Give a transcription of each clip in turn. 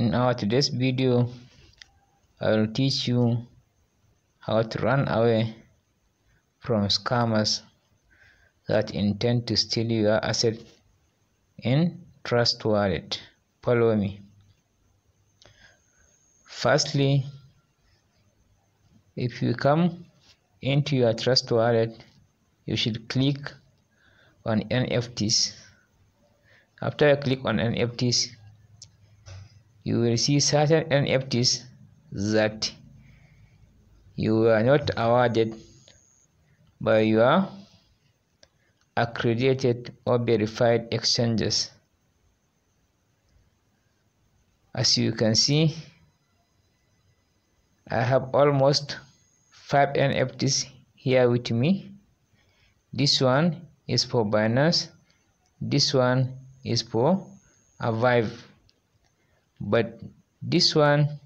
in our today's video i will teach you how to run away from scammers that intend to steal your asset in trust wallet follow me firstly if you come into your trust wallet you should click on nfts after you click on nfts you will see certain NFTs that you were not awarded by your accredited or verified exchanges. As you can see, I have almost 5 NFTs here with me. This one is for Binance. This one is for Avive but this one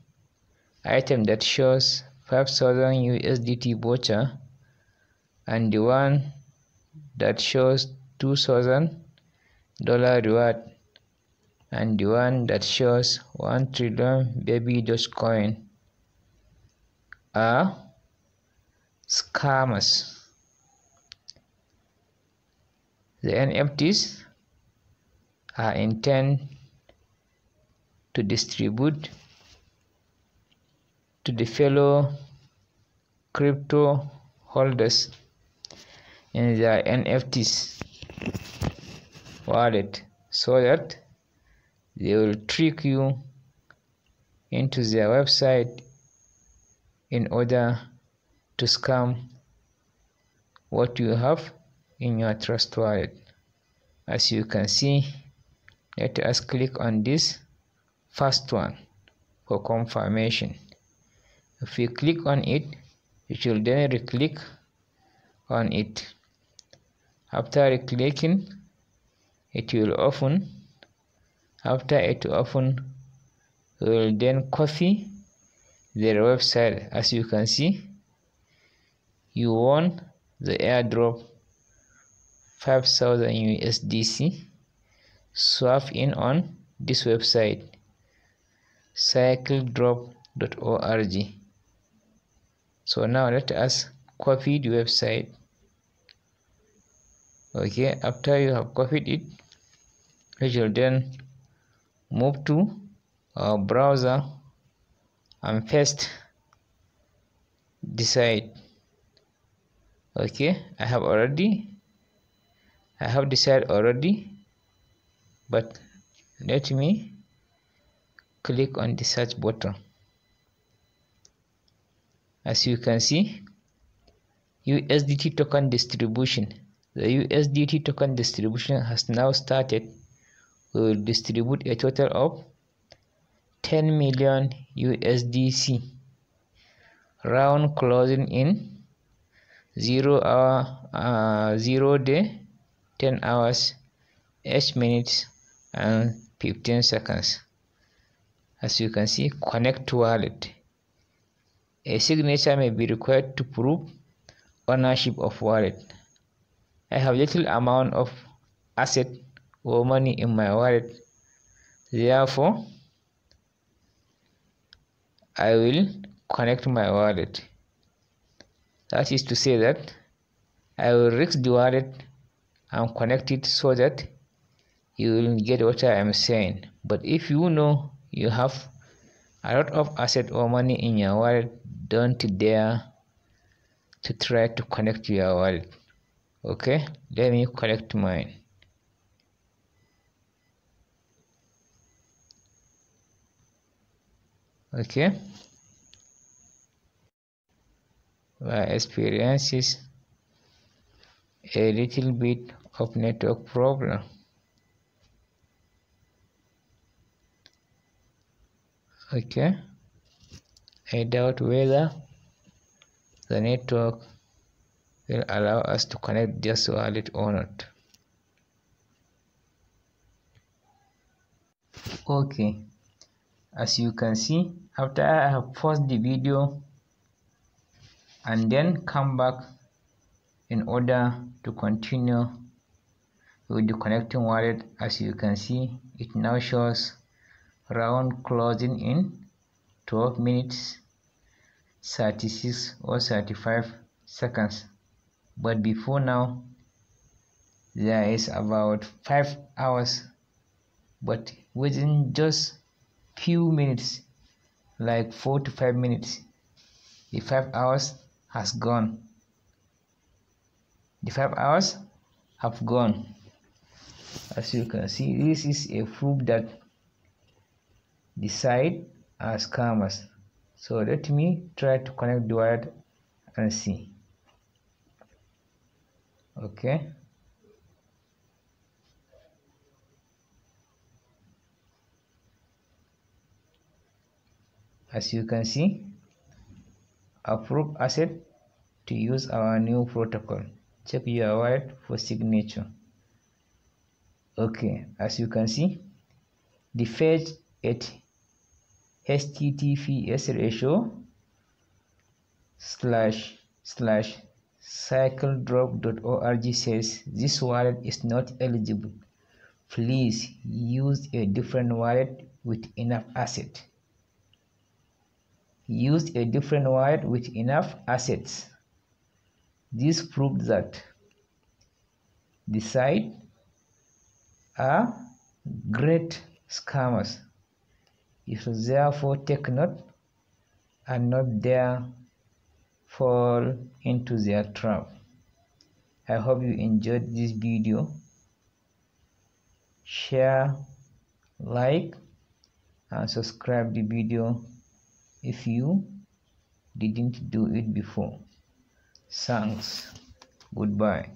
item that shows 5000 USDT voucher and the one that shows 2000 dollar reward and the one that shows 1 trillion baby coin, are scammers the NFTs are intended to distribute to the fellow crypto holders in their NFTs wallet so that they will trick you into their website in order to scam what you have in your trust wallet as you can see let us click on this first one for confirmation if you click on it you should then click on it after clicking it will open after it open we will then copy their website as you can see you won the airdrop 5000 USDC swap in on this website cycledrop.org. So now let us copy the website. Okay, after you have copied it, we shall then move to our browser and first decide. Okay, I have already I have decided already, but let me click on the search button as you can see USDT token distribution the USDT token distribution has now started we will distribute a total of 10 million USDC round closing in 0 hour uh, 0 day 10 hours 8 minutes and 15 seconds as you can see connect wallet a signature may be required to prove ownership of wallet i have little amount of asset or money in my wallet therefore i will connect my wallet that is to say that i will risk the wallet and connect it so that you will get what i am saying but if you know you have a lot of asset or money in your wallet don't dare to try to connect your wallet okay let me connect mine okay my experiences a little bit of network problem okay I doubt whether the network will allow us to connect this wallet or not okay as you can see after I have paused the video and then come back in order to continue with the connecting wallet as you can see it now shows round closing in 12 minutes 36 or 35 seconds but before now there is about 5 hours but within just few minutes like 4 to 5 minutes the 5 hours has gone the 5 hours have gone as you can see this is a proof that the side as commas so let me try to connect the wire and see okay as you can see approve asset to use our new protocol check your wire for signature okay as you can see the page 8 https ratio slash slash cycledrop.org says this wallet is not eligible please use a different wallet with enough asset use a different wallet with enough assets this proved that the site are great scammers you should therefore take note and not there, fall into their trap. I hope you enjoyed this video. Share, like, and subscribe the video if you didn't do it before. Thanks. Goodbye.